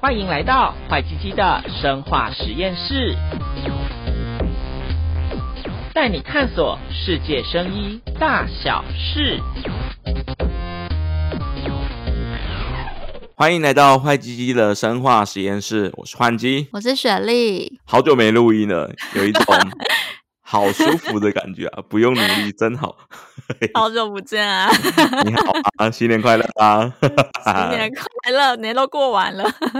歡迎來到壞雞雞的生化實驗室，帶你探索世界生醫大小事。歡迎來到壞雞雞的生化實驗室，我是壞雞，我是雪莉，好久沒錄音了，有一種 好舒服的感覺啊，不用努力 真好。 好久不見啊， 你好啊，新年快樂啊！ 新年快樂，年都過完了。 新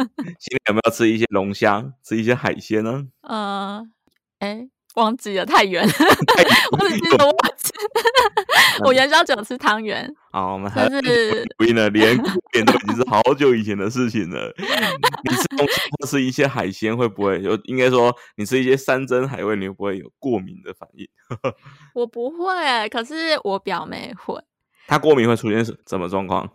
年有沒有吃一些龍蝦，吃一些海鮮呢、啊？呃，哎，忘記了，太遠了，太遠了。我研究元宵只有吃湯圓，就好是我們還是連古典都已經是好久以前的事情了。 你吃東西，吃一些海鮮會不會有？應該說，你吃一些山珍海味，你會不會有過敏的反應？ 我不會，可是我表妹會。她過敏會出現什麼狀況？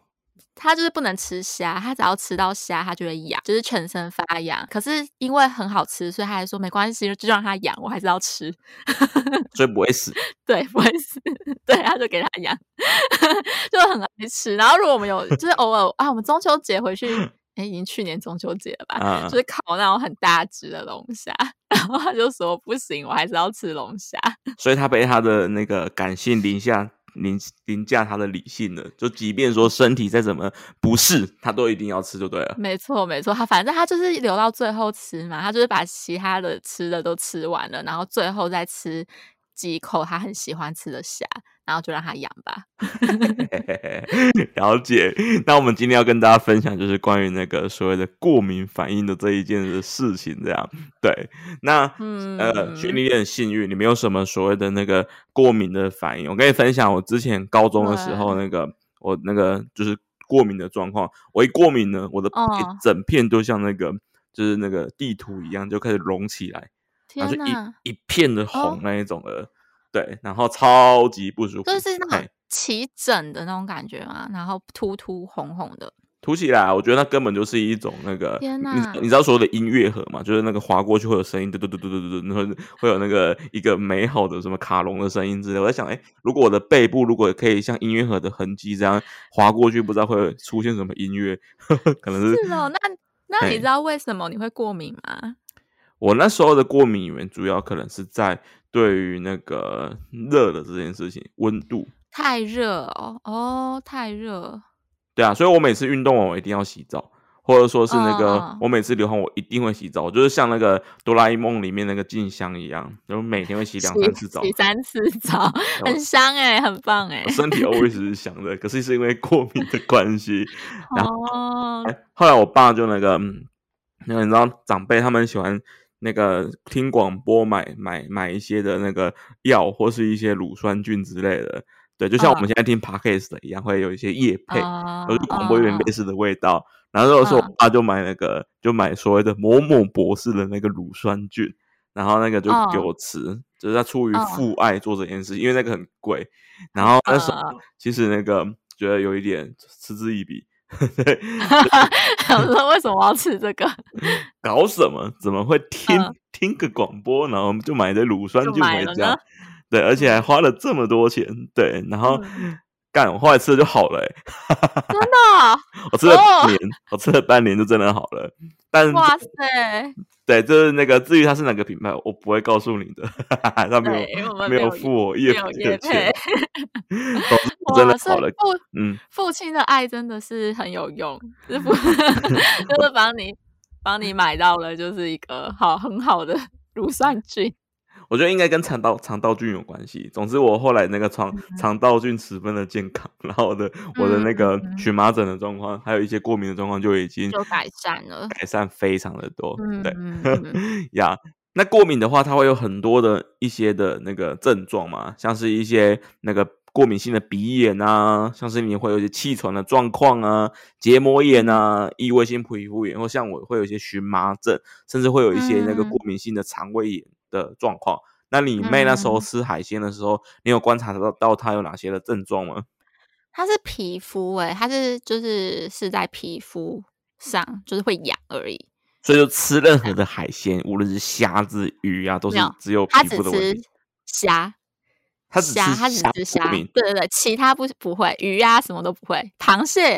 他就是不能吃蝦，他只要吃到蝦，他就會癢，就是全身發癢。可是因為很好吃，所以他還說沒關係，就讓他癢，我還是要吃， 所以不會死。對，不會死。對，他就給他癢。 就很愛吃。然後如果我們有，就是偶爾 啊，我們中秋節回去，哎、欸，已經去年中秋節了吧？嗯、就是烤那種很大只的龍蝦， 然後他就說不行，我還是要吃龍蝦。所以他被他的那個感性頂下。凌凌駕他的理性了，就即便說身體再怎麼不適，他都一定要吃，就對了。沒錯，沒錯，他反正他就是留到最後吃嘛，他就是把其他的吃的都吃完了，然後最後再吃幾口他很喜歡吃的蝦。然後就讓他養吧。 了解。那我們今天要跟大家分享，就是關於那個所謂的過敏反應的這一件事、的事情。這樣，對。那，嗯、呃，群裡也很幸運，你沒有什麼所謂的那個過敏的反應。我跟你分享，我之前高中的時候，那個對我那個就是過敏的狀況。我一過敏呢，我的一整片都像那個、哦、就是那個地圖一樣，就開始隆起來，啊、然後就一一片的紅那一種的。哦對，然後超級不舒服，就是那種起疹的那種感覺嘛，嘿然後突突紅紅的，塗起來、啊、我覺得那根本就是一種那個，天哪你，你知道所有的音樂盒嘛，就是那個滑過去會有聲音，嘟嘟嘟嘟嘟嘟，然後會有那個一個美好的什麼卡龍的聲音之類的。我在想，哎、欸，如果我的背部如果可以像音樂盒的痕跡這樣滑過去，不知道會出現什麼音樂？ 可能是，是哦。那那你知道為什麼你會過敏嗎？我那時候的過敏原主要可能是在。對於那個熱的這件事情，溫度太熱哦，哦，太熱，對啊，所以我每次運動完我一定要洗澡，或者說是那個、哦、我每次流汗我一定會洗澡，就是像那個哆啦 A 夢裡面那個靜香一樣，然後每天會洗兩三次澡，洗，洗三次澡，後很香哎，很棒哎，身體我一直是香的， 可是是因為過敏的關係，然後哦、哎，後來我爸就那個，因、那、為、個、你知道長輩他們喜歡。那個聽廣播買買買一些的那個藥或是一些乳酸菌之類的，對，就像我們現在聽 Podcast 的一樣，uh, 會有一些業配，就、uh, 廣播有點類似的味道。Uh, 然後那時候我爸就買那個，uh, 就買所謂的某某博士的那個乳酸菌，uh, 然後那個就給我吃，uh, 就是他出於父愛做這件事，uh, 因為那個很貴。Uh, 然後那時候其實那個覺得有一點嗤之以鼻。 對，我說為什麼要吃這個？搞什麼？怎麼會聽聽個廣播，然後我們就買的乳酸菌回家就沒了？對，而且還花了這麼多錢，對，然後幹、嗯，我後來吃了就好了、欸。真的？ 我吃了半年，哦、我吃了半年就真的好了。但哇塞，對，就是那個至於它是哪個品牌，我不會告訴你的。 沒有，對，我們沒有，沒有付我業配，沒有業配。 真的是父，嗯，父親的愛真的是很有用，就是就是幫你幫你買到了，就是一個好很好的乳酸菌。我覺得應該跟腸道腸道菌有關係。總之，我後來那個腸腸道菌十分的健康，然後我的我的那個蕁麻疹的狀況，還有一些過敏的狀況就已經就改善了，改善非常的多。對呀，那過敏的話，它會有很多的一些的那個症狀嘛，像是一些那個。過敏性的鼻炎啊，像是你會有一些氣喘的狀況啊，結膜炎啊，異位性皮膚炎，或像我會有一些蕁麻疹，甚至會有一些那個過敏性的腸胃炎的狀況。嗯、那你妹那時候吃海鮮的時候，嗯、你有觀察到到她有哪些的症狀嗎？她是皮膚哎、欸，她是就是是在皮膚上，就是會癢而已。所以就吃任何的海鮮，無論是蝦子、魚啊，都是只有皮膚的問題。她只吃蝦。他只吃蝦，蝦只吃蝦，明對對對，其他不不會魚呀、啊，什麼都不會。螃蟹，哎、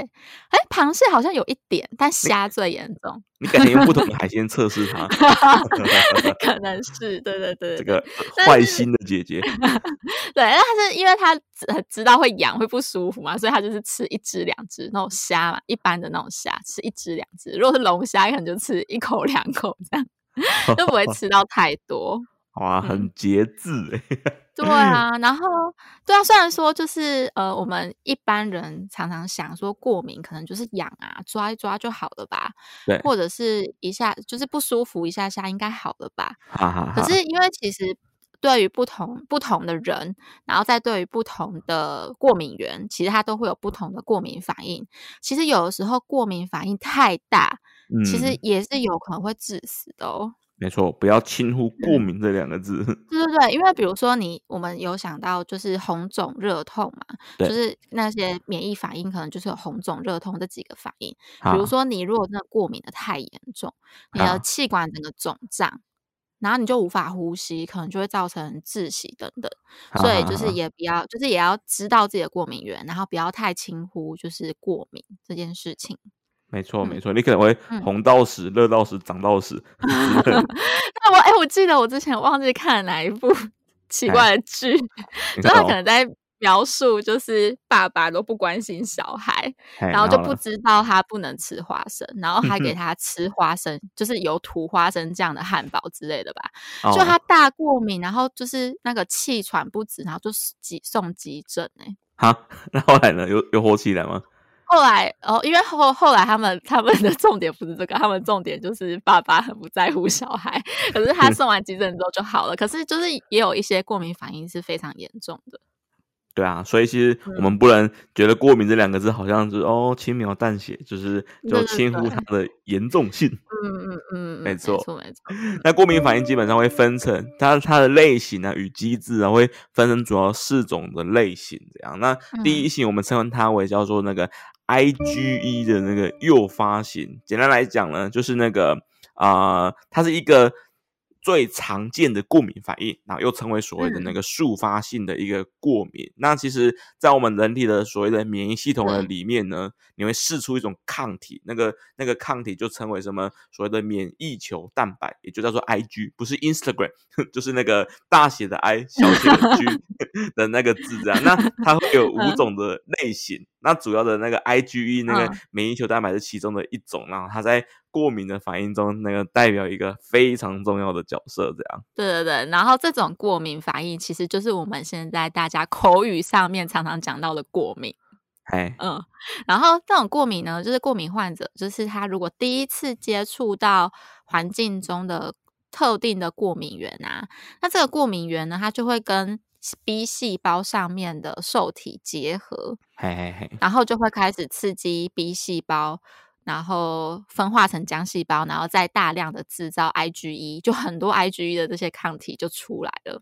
欸，螃蟹好像有一點，但蝦最嚴重。你肯定用不同的海鮮測試它， 可能是對對對。這個壞心的姐姐，但是 對，那是因為他知知道會癢會不舒服嘛，所以他就是吃一只兩隻那種蝦嘛，一般的那種蝦，吃一只兩只。如果是龍蝦，可能就吃一口兩口這樣，都呵不會吃到太多。哇，嗯、很節制哎、欸。對啊，然後對啊，雖然說就是呃，我們一般人常常想說過敏可能就是癢啊，抓一抓就好了吧，對，或者是一下就是不舒服一下下應該好了吧，哈哈哈哈。可是因為其實對於不同不同的人，然後再對於不同的過敏原，其實它都會有不同的過敏反應。其實有的時候過敏反應太大，嗯、其實也是有可能會致死的哦。沒錯，不要輕忽過敏這兩個字。對對對，因為比如說你，我們有想到就是紅腫熱痛嘛，對就是那些免疫反應可能就是有紅腫熱痛這幾個反應。比如說你如果真的過敏得太嚴重，啊、你的氣管整個腫脹，然後你就無法呼吸，可能就會造成窒息等等。所以就是也不要，就是也要知道自己的過敏源，然後不要太輕忽就是過敏這件事情。沒錯，沒錯，你可能會紅到死，熱、嗯、到死，長到死。 那我哎、欸，我記得我之前忘記看了哪一部奇怪的劇，欸、就他可能在描述，就是爸爸都不關心小孩，欸、然後就不知道他不能吃花生，欸、然後還給他吃花生， 就是油塗花生醬這樣的漢堡之類的吧。哦、就他大過敏，然後就是那個氣喘不止，然後就急送急診好、欸啊，那後來呢？有有火起來嗎？後來哦，因為後後來他們他們的重點不是這個，他們重點就是爸爸很不在乎小孩。可是他送完急診之後就好了，嗯、可是就是也有一些過敏反應是非常嚴重的。對啊，所以其實我們不能覺得“過敏”這兩個字好像、就是、嗯、哦輕描淡寫，就是就輕忽它的嚴重性。嗯嗯嗯，嗯嗯嗯沒錯錯沒錯沒錯。那過敏反應基本上會分成它它的類型呢與機制啊，會分成主要四種的類型這樣。那第一型我們稱它為叫做那個。嗯 IgE 的那個誘發型，簡單來講呢，就是那個啊、呃，它是一個。最常見的過敏反應，然後又稱為所謂的那個速發性的一個過敏。嗯、那其實，在我們人體的所謂的免疫系統的裡面呢，嗯、你會釋出一種抗體，那個那個抗體就稱為什麼？所謂的免疫球蛋白，也就叫做 Ig，不是 Instagram，就是那個大寫的 I 小寫的 g 的那個字這樣。那它會有五種的類型，嗯、那主要的那個 IgE 那個免疫球蛋白是其中的一種，然後、嗯、它在。過敏的反應中，那個代表一個非常重要的角色，這樣。對對對，然後這種過敏反應其實就是我們現在大家口語上面常常講到的過敏。哎，Hey. 嗯，然後這種過敏呢，就是過敏患者，就是他如果第一次接觸到環境中的特定的過敏原啊，那這個過敏原呢，它就會跟 B 細胞上面的受體結合，嘿嘿嘿，然後就會開始刺激 B 細胞。然後分化成漿細胞，然後再大量的製造 IgE，就很多 IgE 的這些抗體就出來了，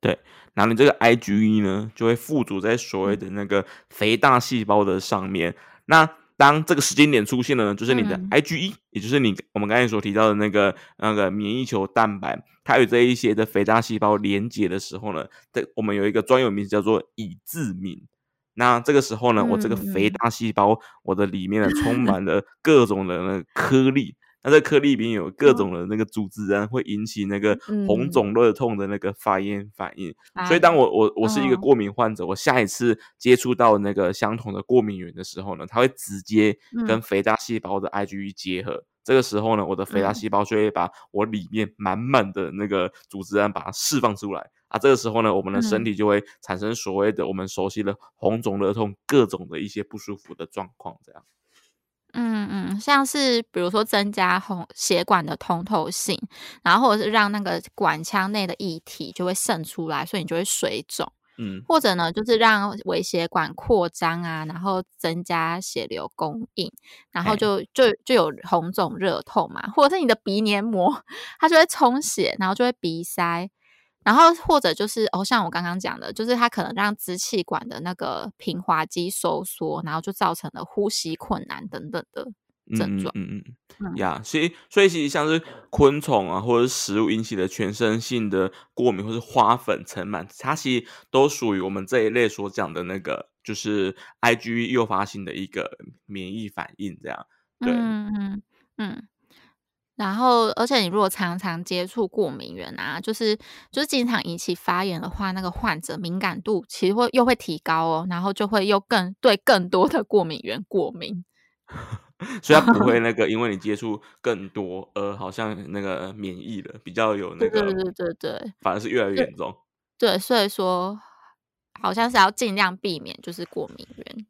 對，然後你這個 IgE 呢，就會附着在所謂的那個肥大細胞的上面。嗯、那當這個時間點出現的呢，就是你的 IgE，、嗯、也就是你我們剛才所提到的那個那個免疫球蛋白，它與這一些的肥大細胞連接的時候呢，這我們有一個專有名詞叫做以致敏。那這個時候呢，我這個肥大細胞，嗯、我的裡面呢充滿了各種的那個顆粒， 那在顆粒裡面有各種的那個組織胺然後、啊哦、會引起那個紅腫熱痛的那個發炎、嗯、反應。所以，當我我我是一個過敏患者，哎、我下一次接觸到那個相同的過敏原的時候呢，它會直接跟肥大細胞的 IgE 結合。嗯嗯這個時候呢，我的肥大細胞就會把我裡面滿滿的那個組織胺把它釋放出來，嗯、啊，這個時候呢，我們的身體就會產生所謂的我們熟悉的紅腫熱痛各種的一些不舒服的狀況。這樣，嗯嗯，像是比如說增加紅血管的通透性，然後或者是讓那個管腔內的液體就會滲出來，所以你就會水腫。嗯，或者呢，就是讓微血管擴張啊，然後增加血流供應，然後就嘿就就有紅腫熱痛嘛，或者是你的鼻黏膜它就會充血，然後就會鼻塞，然後或者就是哦，像我剛剛講的，就是它可能讓支氣管的那個平滑肌收縮，然後就造成了呼吸困難等等的。嗯嗯嗯嗯，呀、嗯，嗯、yeah, 所以所以其實像是昆蟲啊，或者是食物引起的全身性的過敏，或是花粉、塵蟎，它其實都屬於我們這一類所講的那個，就是 IgE 誘發性的一個免疫反應，這樣。對，嗯嗯嗯。然後，而且你如果常常接觸過敏原啊，就是就是經常引起發炎的話，那個患者敏感度其實會又會提高哦，然後就會又更對更多的過敏原過敏。 所以它不會那個，因為你接觸更多， 呃，好像那個免疫了比較有那個，對對對，對，對對對，反而是越來越嚴重。對。對，所以說好像是要盡量避免就是過敏原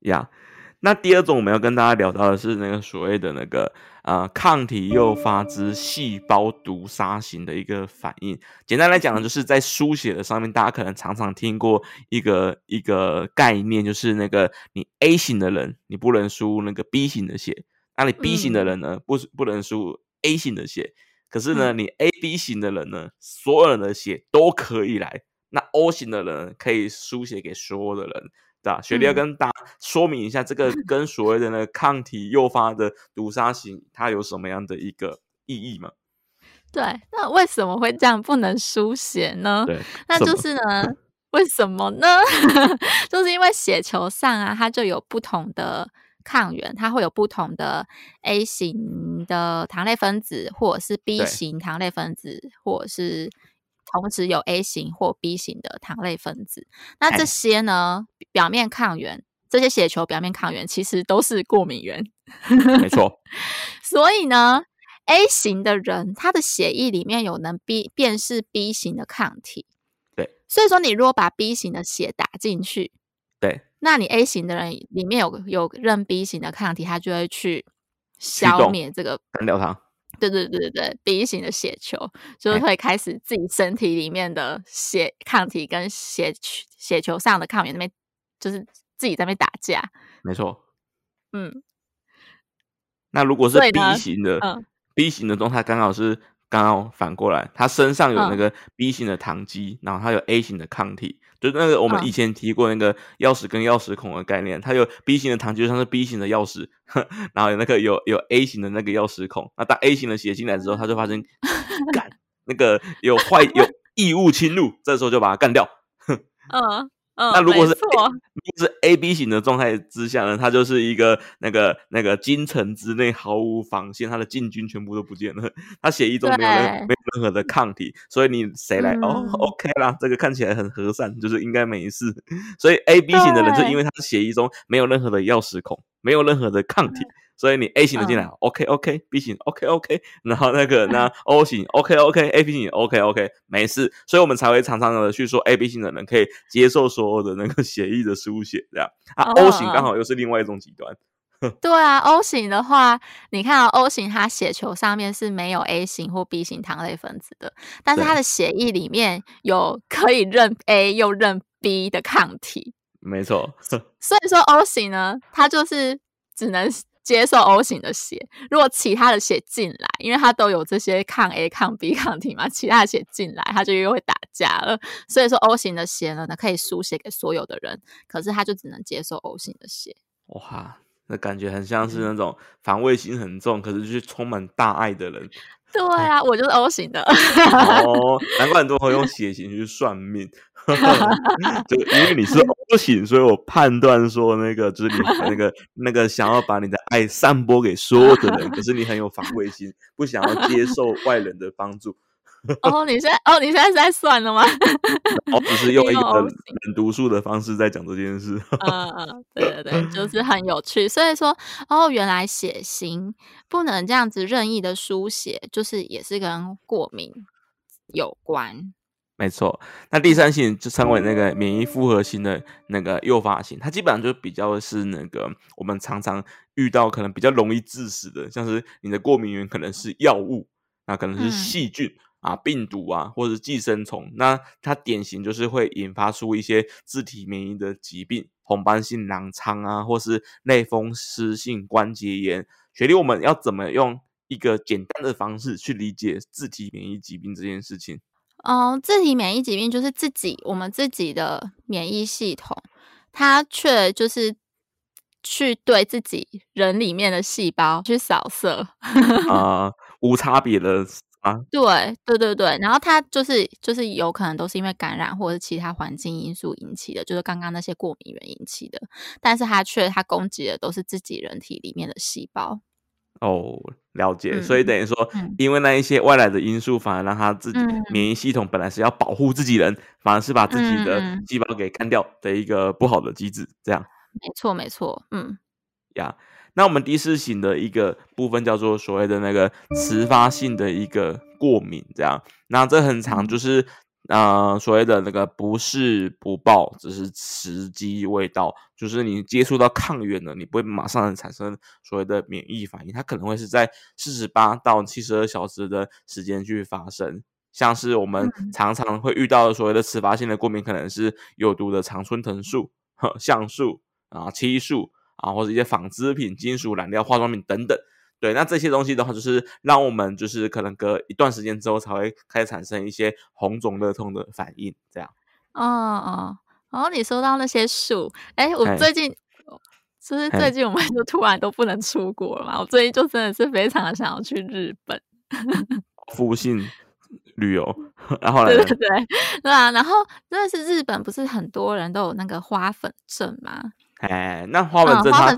呀。Yeah. 那第二種我們要跟大家聊到的是那個所謂的那個呃抗體誘發之細胞毒殺型的一個反應。簡單來講呢，就是在輸血的上面，大家可能常常聽過一個一個概念，就是那個你 A 型的人，你不能輸那個 B 型的血；那你 B 型的人呢，不不能輸 A 型的血。可是呢，你 AB 型的人呢，所有人的血都可以來。那 O 型的人可以輸血給所有的人，對吧？雪莉要跟大家說明一下，這個跟所謂的呢抗體誘發的毒殺型，嗯、 它有什麼樣的一個意義嗎？對，那為什麼會這樣不能輸血呢？對那就是呢，什麼為什麼呢？ 就是因為血球上啊，它就有不同的抗原，它會有不同的 A 型的糖類分子，或者是 B 型糖類分子，對或者是。同時有 A 型或 B 型的糖類分子，那這些呢？唉表面抗原，這些血球表面抗原其實都是過敏原。沒錯錯。 所以呢，A 型的人他的血液裡面有能 B 便是 B 型的抗體。對。所以說，你如果把 B 型的血打進去，對。那你 A 型的人裡面有有認 B 型的抗體，他就會去消滅這個，幹掉糖。對對對對對，B 型的血球就是、會開始自己身體裡面的血、欸、抗體跟血血球上的抗原那邊，就是自己在那邊打架。沒錯，嗯，那如果是 B 型的，的、嗯、B 型的狀態剛好是剛好反過來，他身上有那個 B 型的糖基，嗯、然後他有 A 型的抗體。就那個我們以前提過那個鑰匙跟鑰匙孔的概念，嗯、它有 B 型的糖就像是 B 型的鑰匙，然後有那個有有 A 型的那個鑰匙孔，那當 A 型的血進來之後，它就發生，幹 那個有壞有異物侵入， 這時候就把它幹掉。嗯。嗯、那如果是 A, 錯是 A B 型的狀態之下呢，他就是一個那個那個京城之內毫無防線，他的禁軍全部都不見了，他血液中沒有,任對沒有任何的抗體，所以你誰來哦、嗯 oh,，OK 啦，這個看起來很和善，就是應該沒事。所以 A B 型的人，是因為他是血液中沒有任何的鑰匙孔，沒有任何的抗體。所以你 A 型的進來、嗯、，OK OK，B 型、OK, OK OK，然後那個那 O 型 OK OK，A B 型 OK OK，沒事，所以我們才會常常的去說 A B 型的人可以接受所有的那個血液的輸血這樣。啊，O 型剛好又是另外一種極端。嗯、呵對啊，O 型的話，你看到 O 型，它血球上面是沒有 A 型或 B 型糖類分子的，但是它的血液裡面有可以認 A 又認 B 的抗體。沒錯。所以說 O 型呢，它就是只能。接受 O 型的血，如果其他的血進來，因為它都有這些抗 A、抗 B 抗體嘛，其他的血進來，它就又會打架了。所以說 O 型的血呢，那可以輸血給所有的人，可是他就只能接受 O 型的血。哇，那感覺很像是那種防衛心很重，嗯，可是卻充滿大愛的人。對啊，我就是 O 型的。 哦，難怪很多朋友用血型去算命， 就因為你是 O 型，所以我判斷說，那個就是你還那個 那個想要把你的愛散播給所有的人， 可是你很有防衛心，不想要接受外人的幫助。 哦， oh, 你現在哦，oh, 你現在是在算了嗎？哦 ，oh, 只是用一本 You know, 讀書的方式在講這件事。嗯、 uh, uh,，對對對，就是很有趣。 所以說，哦、oh,，原來血型不能這樣子任意的書寫，就是也是跟過敏有關。沒錯，那第三型就稱為那個免疫複合型的那個誘發型，它基本上就比較是那個我們常常遇到可能比較容易致死的，像是你的過敏原可能是藥物，那、oh. 可能是細菌。嗯啊，病毒啊，或者寄生蟲，那它典型就是會引發出一些自體免疫的疾病，紅斑性狼瘡啊，或是類風濕性關節炎。學莉，我們要怎麼用一個簡單的方式去理解自體免疫疾病這件事情？嗯、呃，自體免疫疾病就是自己我們自己的免疫系統，它卻就是去對自己人裡面的細胞去掃射啊，無差別的。啊，對，對對對，然後它就是就是有可能都是因為感染或者是其他環境因素引起的，就是剛剛那些過敏原引起的，但是它卻它攻擊的都是自己人體裡面的細胞。哦，了解，嗯、所以等於說，嗯嗯、因為那一些外來的因素，反而讓它自己免疫系統本來是要保護自己人，嗯、反而是把自己的細胞給幹掉的一個不好的機制，嗯、這樣。沒錯，沒錯，嗯，呀。那我們第四型的一個部分叫做所謂的那個遲發性的一個過敏，這樣，那這很常就是，呃，所謂的那個不是不報，只是時機未到，就是你接觸到抗原了，你不會馬上產生所謂的免疫反應，它可能會是在四十八到七十二小時的時間去發生，像是我們常常會遇到的所謂的遲發性的過敏，可能是有毒的常春藤樹、橡樹啊、漆樹。啊，或者一些紡織品、金屬染料、化妝品等等，對，那這些東西的話，就是讓我們就是可能隔一段時間之後才會開始產生一些紅腫、熱痛的反應，這樣。哦哦，然、哦、後你說到那些樹，哎、欸，我最近嘿是不是最近我們就突然都不能出國了嘛？嘿我最近就真的是非常的想要去日本，復 興旅遊，然、啊、後來呢對對對，對啊，然後真的是日本不是很多人都有那個花粉症嗎？哎、欸，那花粉症它是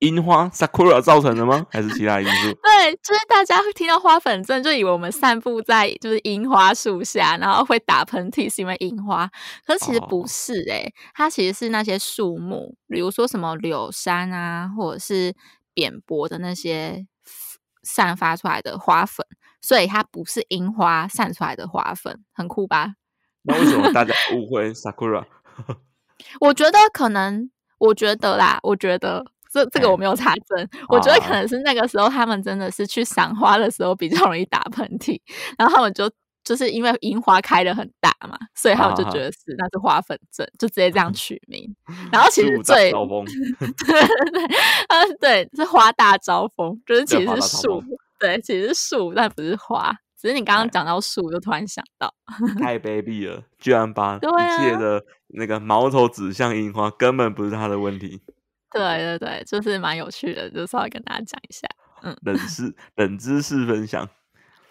櫻花 sakura 造成的嗎？嗯、還是其他因素？ 對，就是大家會聽到花粉症，就以為我們散步在就是櫻花樹下，然後會打噴嚏是因為櫻花，可是其實不是哎、欸，哦、它其實是那些樹木，比如說什麼柳杉啊，或者是扁柏的那些散發出來的花粉，所以它不是櫻花散出來的花粉，很酷吧？那為什麼大家誤會 sakura？ 我覺得可能。我覺得啦，我覺得這這個我沒有查證，欸、我覺得可能是那個時候他們真的是去賞花的時候比較容易打噴嚏，啊、然後他們就就是因為櫻花開得很大嘛，所以他們就覺得是、啊、那是花粉症，啊、就直接這樣取名。啊、然後其實最，對對對，嗯 對，是花大招風，就是其實是樹，對，其實是樹，但不是花。只是你剛剛講到樹，就突然想到，太卑鄙了， 對啊、居然把一切的那個矛頭指向櫻花，根本不是他的問題。對對對，就是蠻有趣的，就稍微跟大家講一下。嗯，冷知冷知識分享。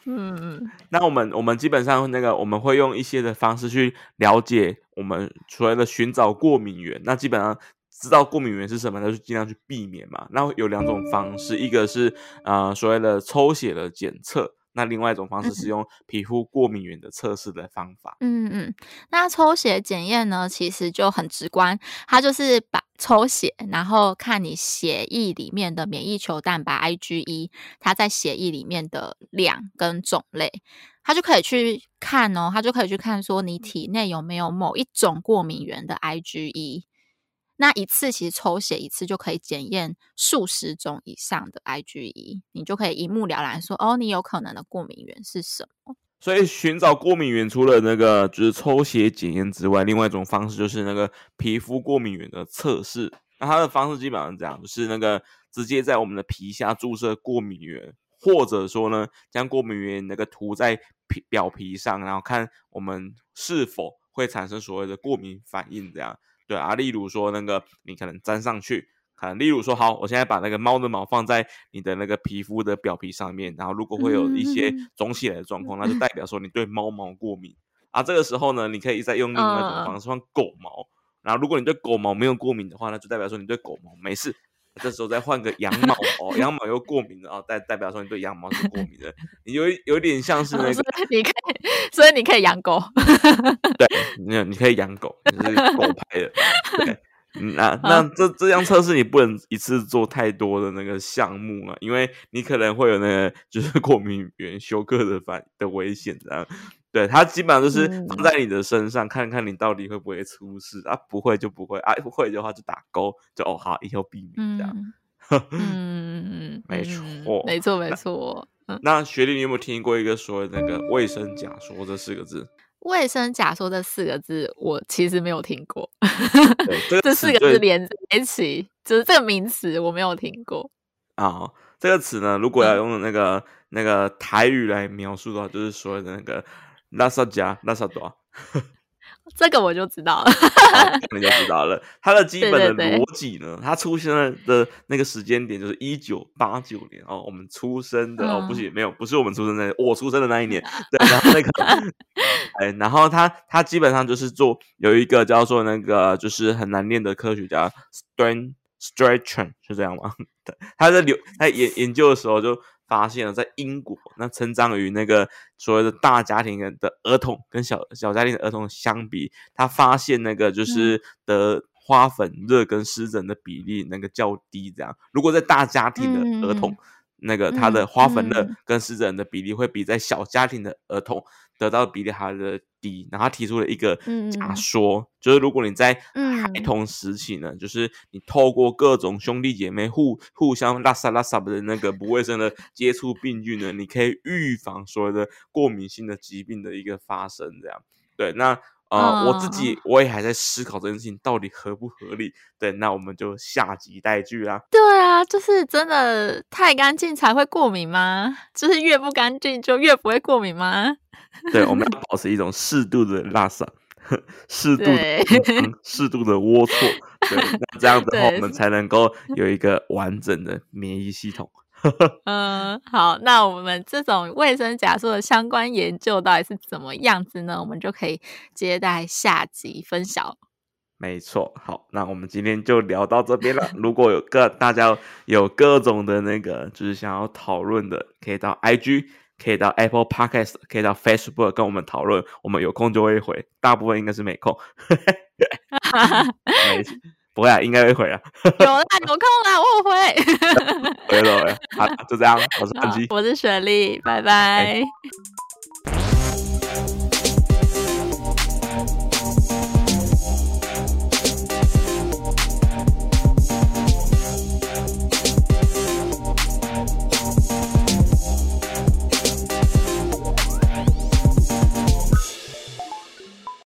嗯 嗯，那我們我們基本上那個我們會用一些的方式去了解我們所謂的尋找過敏原。那基本上知道過敏原是什麼，那就盡、是、量去避免嘛。那有兩種方式，嗯、一個是啊、呃、所謂的抽血的檢測。那另外一種方式是用皮膚過敏原的測試的方法。嗯嗯，那抽血檢驗呢，其實就很直觀，它就是把抽血，然後看你血液裡面的免疫球蛋白 IgE，它在血液裡面的量跟種類，它就可以去看哦，它就可以去看說你體內有沒有某一種過敏原的 IgE。那一次其實抽血一次就可以檢驗數十種以上的 IgE，你就可以一目了然說哦，你有可能的過敏源是什麼。所以尋找過敏源除了那個就是抽血檢驗之外，另外一種方式就是那個皮膚過敏源的測試。那它的方式基本上講，就是那個直接在我們的皮下注射過敏源，或者說呢，將過敏源那個塗在皮表皮上，然後看我們是否會產生所謂的過敏反應這樣。對啊，例如說那個你可能粘上去，可能例如說好，我現在把那個貓的毛放在你的那個皮膚的表皮上面，然後如果會有一些腫起來的狀況，嗯、那就代表說你對貓毛過敏。嗯、啊，這個時候呢，你可以再用另外一種方式放、嗯、狗毛，然後如果你對狗毛沒有過敏的話，那就代表說你對狗毛沒事。這時候再換個羊毛哦，羊毛又過敏了哦，代代表說你對羊毛是過敏的，你 有有點像是那個，哦、是是你可以，所以 你可以養狗， 對，你可以養狗，是狗牌的， 對，那那這這樣測試你不能一次做太多的那個項目了，因為你可能會有那個就是過敏原休克的反的危險這樣。對，它基本上就是放在你的身上，嗯、看看你到底會不會出事啊？不會就不會啊，不會的話就打勾，就哦好，以後避免這樣。嗯， 嗯嗯沒錯，沒錯，那沒錯。嗯、那學弟，你有沒有聽過一個所謂的那個衛生假說這四個字？衛生假說這四個字，我其實沒有聽過。 這個、這四個字連在一起，就是這個名詞，我沒有聽過啊、哦。這個詞呢，如果要用那個、嗯、那個台語來描述的話，就是所謂的那個。拉薩加，拉薩多， 這個我就知道了， 哦、你就知道了。它的基本的邏輯呢，對對對，它出現的那個時間點就是一九八九年哦，我們出生的、嗯、哦，不行，沒有，不是我們出生的，我出生的那一年。 對，然後那個， 哎，然後他他基本上就是做有一個叫做那個就是很難唸的科學家 s t r a i h s t r e t c h e n 是這樣嗎？他在留他研研究的時候就。發現了在英國，那成長於那個所謂的大家庭的兒童，跟小小家庭的兒童相比，他發現那個就是得花粉熱跟濕疹的比例那個較低。這樣，如果在大家庭的兒童，嗯、那個他的花粉熱跟濕疹的比例會比在小家庭的兒童。得到比利哈的底，然後他提出了一個假說，嗯、就是如果你在孩童時期呢，嗯、就是你透過各種兄弟姐妹互互相拉撒拉撒的那個不衛生的接觸病菌呢， 你可以預防所有的過敏性的疾病的一個發生，這樣對那。呃，嗯、我自己我也還在思考這件事情到底合不合理。對，那我們就下集待續啦。對啊，就是真的太乾淨才會過敏嗎？就是越不乾淨就越不會過敏嗎？對，我們要保持一種適度的邋遢， 適度對適度的齷齪，對，那這樣的話我們才能夠有一個完整的免疫系統。 嗯，好，那我們這種衛生假說的相關研究到底是怎麼樣子呢？我們就可以期待下集分曉。沒錯，好，那我們今天就聊到這邊了。 如果有各大家有各種的那個，就是想要討論的，可以到 IG，可以到 Apple Podcast，可以到 Facebook 跟我們討論。我們有空就會回，大部分應該是沒空。哈哈哈哈不會啊，應該會回啊。 有啦，有空啦，我會。 回了。好，就這樣。我是安吉，我是雪莉，拜拜。Okay.